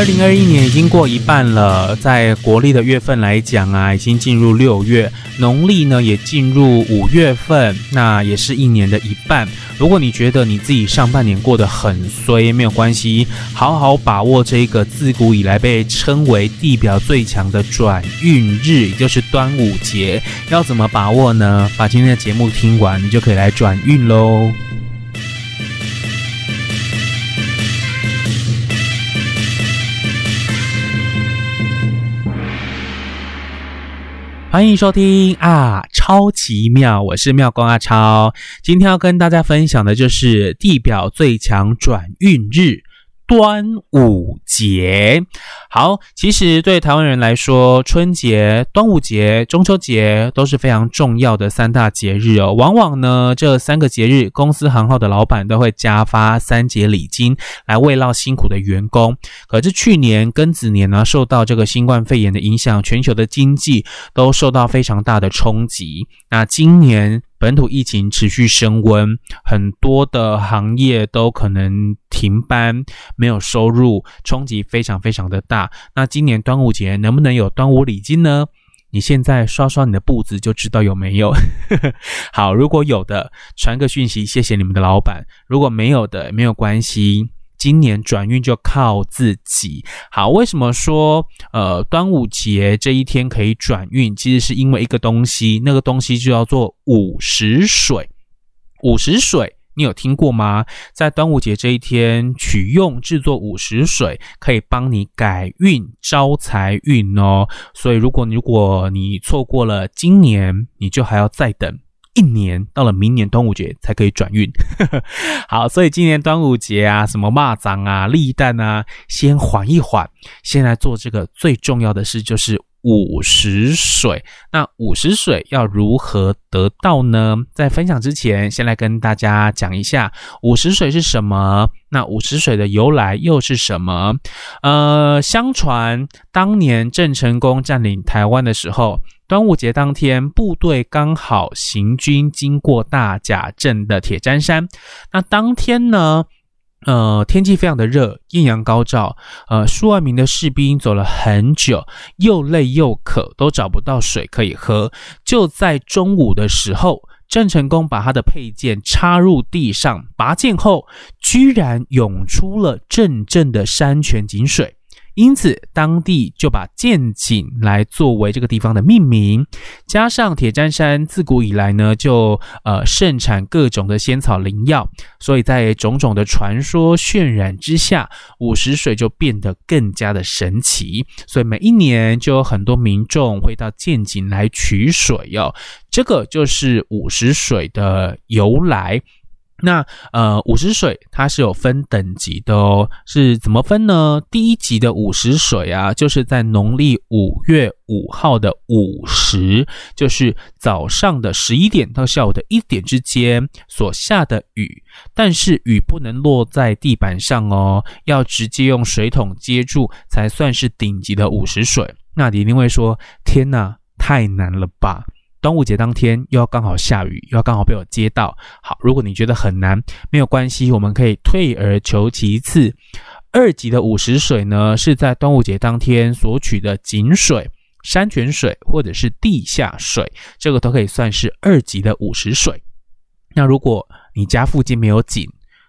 二零二一年已經過一半了，在國曆的月份來講啊，已經進入六月；農曆呢，也進入五月份，那也是一年的一半。如果你覺得你自己上半年過得很衰，沒有關係，好好把握這一個自古以來被稱為地表最強的轉運日，也就是端午節。要怎麼把握呢？把今天的節目聽完，你就可以來轉運嘍。歡迎收聽啊，超奇廟！我是廟公阿超，今天要跟大家分享的就是地表最強轉運日。端午節，好，其實對台灣人來說，春節、端午節、中秋節都是非常重要的三大節日哦。往往呢，這三個節日，公司行號的老闆都會加發三節禮金來慰勞辛苦的員工。可是去年庚子年呢，啊，受到這個新冠肺炎的影響，全球的經濟都受到非常大的衝擊。那今年。本土疫情持續升溫，很多的行業都可能停班，沒有收入，衝擊非常非常的大。那今年端午節能不能有端午禮金呢？你現在刷刷你的簿子就知道有沒有。 好，如果有的，傳個訊息，謝謝你們的老板；如果沒有的，沒有關係。今年轉運就靠自己。好，為什麼說呃，端午節這一天可以轉運？其實是因為一個東西，那個東西就叫做午時水。午時水，你有聽過嗎？在端午節這一天取用制作午時水，可以幫你改運、招財運哦。所以如，如果如果你錯過了今年，你就還要再等。一年到了，明年端午節才可以轉運。 好，所以今年端午節啊，什麼肉粽啊、立蛋啊，先緩一緩。先來做這個最重要的事，就是午時水。那午時水要如何得到呢？在分享之前，先來跟大家講一下午時水是什麼。那午時水的由來又是什麼？呃，相傳當年鄭成功佔領台灣的時候。端午節當天，部隊剛好行軍經過大甲鎮的鐵砧山。那當天呢，呃，天氣非常的熱，豔陽高照。呃，數萬名的士兵走了很久，又累又渴，都找不到水可以喝。就在中午的時候，鄭成功把他的佩劍插入地上，拔劍後，居然湧出了陣陣的山泉井水。因此，當地就把劍井來作為這個地方的命名，加上鐵砧山自古以來呢，就呃盛產各種的仙草靈藥，所以在種種的傳說渲染之下，午時水就變得更加的神奇。所以每一年就有很多民眾會到劍井來取水喲、哦，這個就是午時水的由來。那呃，午時水它是有分等級的哦，是怎麼分呢？第一級的午時水啊，就是在農曆五月五號的午時，就是早上的十一點到下午的一點之間所下的雨，但是雨不能落在地板上哦，要直接用水桶接住才算是頂級的午時水。那你一定會說：“天哪，太難了吧？”端午節當天，又要剛好下雨，又要剛好被我接到。好，如果你覺得很難，沒有關係，我們可以退而求其次。二級的午時水呢，是在端午節當天所取的井水、山泉水或者是地下水，這個都可以算是二級的午時水。那如果你家附近沒有井，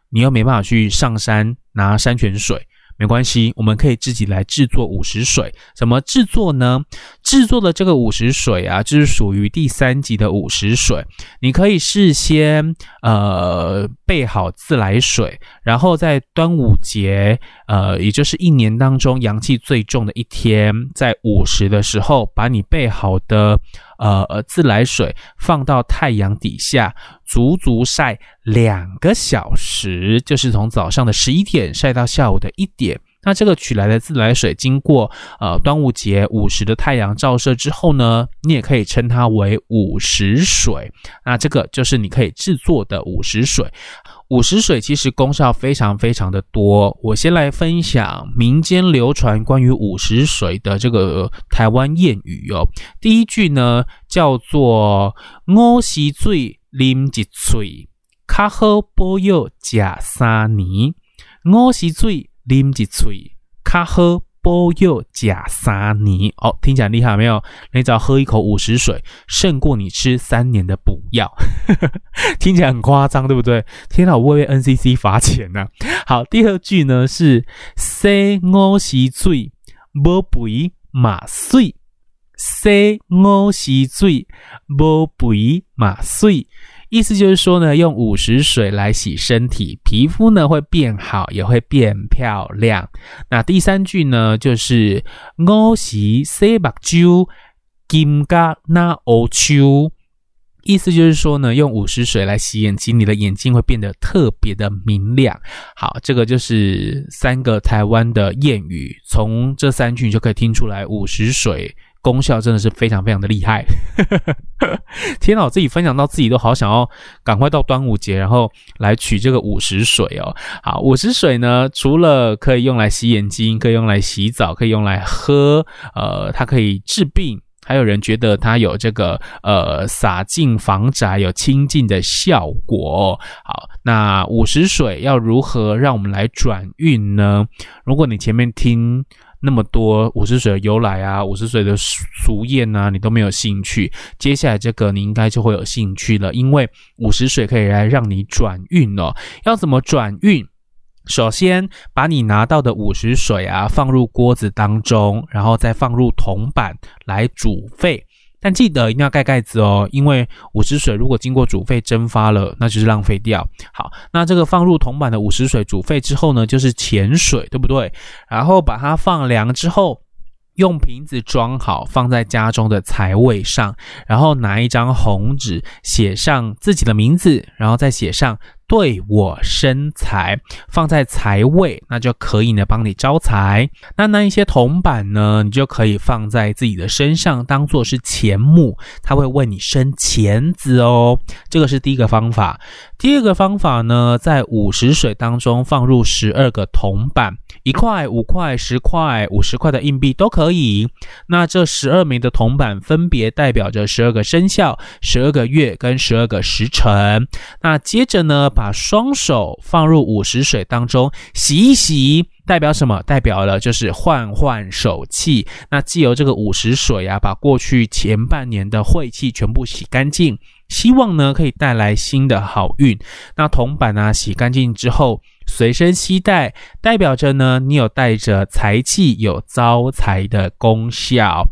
你又沒辦法去上山拿山泉水。沒關係，我們可以自己來製作午時水。怎麼製作呢？製作的這個午時水啊，就是屬於第三級的午時水。你可以事先呃，備好自來水，然後在端午節呃，也就是一年當中陽氣最重的一天，在午時的時候，把你備好的。呃呃，自來水放到太陽底下，足足曬兩個小時，就是從早上的十一點曬到下午的一點。那這個取來的自來水，經過呃端午節午時的太陽照射之後呢，你也可以稱它為午時水。那這個就是你可以製作的午時水。午時水其實功效非常非常的多，我先來分享民間流傳關於午時水的這個台灣諺語哦。第一句呢叫做午時水啉一嘴，卡好補藥吃三年。午時水啉一嘴，卡好。波柚假沙泥，哦，聽起來厲害，有沒有？你只要喝一口午時水，勝過你吃三年的補藥，呵 呵聽起來很誇張，對不對？天哪，我會被 NCC 罰錢吶、啊！好，第二句呢是：say 我是最不肥馬碎 say 我是最不肥馬碎。意思就是說呢，用午時水來洗身體，皮膚呢會變好，也會變漂亮。那第三句呢，就是午時水洗目睭金甲那烏秋，意思就是說呢，用午時水來洗眼睛，你的眼睛會變得特別的明亮。好，這個就是三個台灣的諺語，從這三句你就可以聽出來午時水。功效真的是非常非常的厲害。 天啊，我自己分享到自己都好想要趕快到端午節，然後來取這個午時水哦。好，午時水呢，除了可以用來洗眼睛，可以用來洗澡，可以用來喝，呃，它可以治病，還有人覺得它有這個呃灑進房宅有清淨的效果。好，那午時水要如何讓我們來轉運呢？如果你前面聽。那麼多午時水的由來啊，午時水的俗諺啊，你都沒有興趣。接下來這個你應該就會有興趣了，因為午時水可以來讓你轉運哦。要怎麼轉運？首先把你拿到的午時水啊，放入鍋子當中，然後再放入銅板來煮沸。但記得一定要蓋蓋子哦，因為午時水如果經過煮沸蒸發了，那就是浪費掉。好，那這個放入銅板的午時水煮沸之後呢，就是錢水，對不對？然後把它放涼之後。用瓶子裝好，放在家中的財位上，然後拿一張紅紙寫上自己的名字，然後再寫上“對我生財”，放在財位，那就可以呢幫你招財。那那一些銅板呢，你就可以放在自己的身上，當作是錢母，它會為你生錢子哦。這個是第一個方法。第二個方法呢，在午時水當中放入十二個銅板。一塊、五塊、十塊、五十塊的硬幣都可以。那這十二枚的銅板分別代表着十二個生肖、十二個月跟十二個時辰。那接着呢，把雙手放入午時水當中洗一洗，代表什麼？代表了就是換換手氣。那藉由這個午時水啊，把過去前半年的晦氣全部洗乾淨。希望呢，可以帶來新的好運。那銅板呢、啊，洗乾淨之後隨身攜帶，代表着呢，你有帶着財氣，有招財的功效。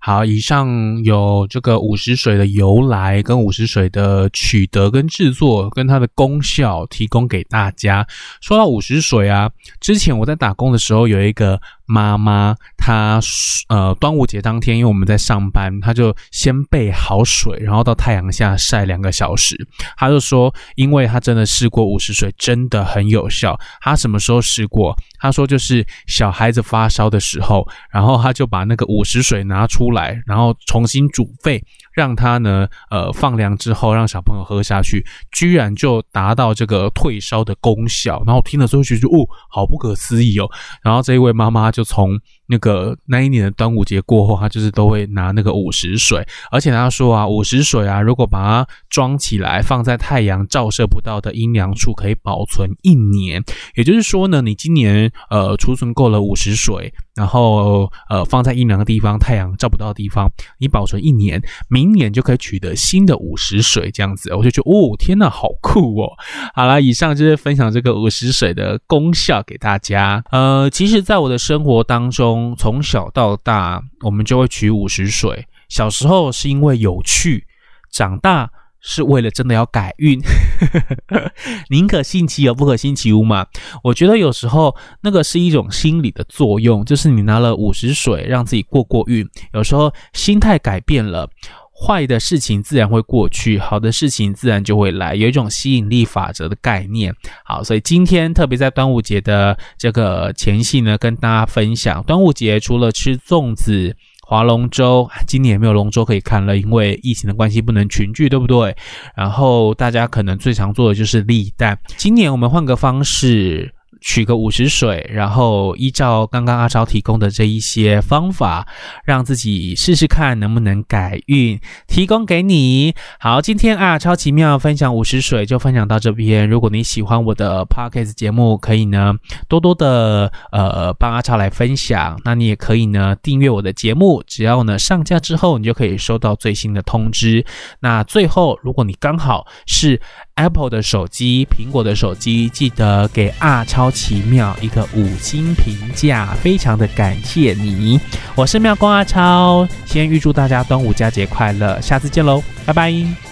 好，以上有這個午時水的由來，跟午時水的取得，跟製作，跟它的功效，提供給大家。說到午時水啊，之前我在打工的時候有一個。媽媽她，她呃，端午節當天，因為我們在上班，她就先備好水，然後到太陽下曬兩個小時。她就說，因為她真的試過，午時水真的很有效。她什麼時候試過？她說就是小孩子發燒的時候，然後她就把那個午時水拿出來，然後重新煮沸，讓它呢，呃，放涼之後，讓小朋友喝下去，居然就達到這個退燒的功效。然後我聽了之後，覺得哦，好不可思議哦。然後這一位媽媽就。從。那個那一年的端午節過後，他就是都會拿那個午時水，而且他說啊，午時水啊，如果把它裝起來，放在太陽照射不到的陰涼處，可以保存一年。也就是說呢，你今年呃儲存夠了午時水，然後呃放在陰涼的地方，太陽照不到的地方，你保存一年，明年就可以取得新的午時水，這樣子，我就覺得哦，天哪，好酷哦！好啦，以上就是分享這個午時水的功效給大家。呃，其實，在我的生活當中，從小到大，我們就會取午時水。小時候是因為有趣，長大是為了真的要改運。寧 可信其有，不可信其無嘛。我覺得有時候那個是一種心理的作用，就是你拿了午時水，讓自己過過運。有時候心態改變了。壞的事情自然會過去，好的事情自然就會來，有一種吸引力法則的概念。好，所以今天特別在端午節的這個前夕呢，跟大家分享，端午節除了吃粽子、划龍舟，今年也沒有龍舟可以看了，因為疫情的關係不能群聚，對不對？然後大家可能最常做的就是立蛋，今年我們換個方式。取個午時水，然後依照剛剛阿超提供的這一些方法，讓自己試試看能不能改運，提供給你，好，今天啊，超奇廟分享午時水就分享到這邊。如果你喜歡我的 podcast 節目，可以呢多多的呃幫阿超來分享。那你也可以呢訂閱我的節目，只要呢上架之後，你就可以收到最新的通知。那最後，如果你剛好是 Apple 的手機，蘋果的手機，記得給啊超奇廟一個五星評價，非常的感謝你。我是廟公阿超，先預祝大家端午佳節快樂，下次見嘍，拜拜。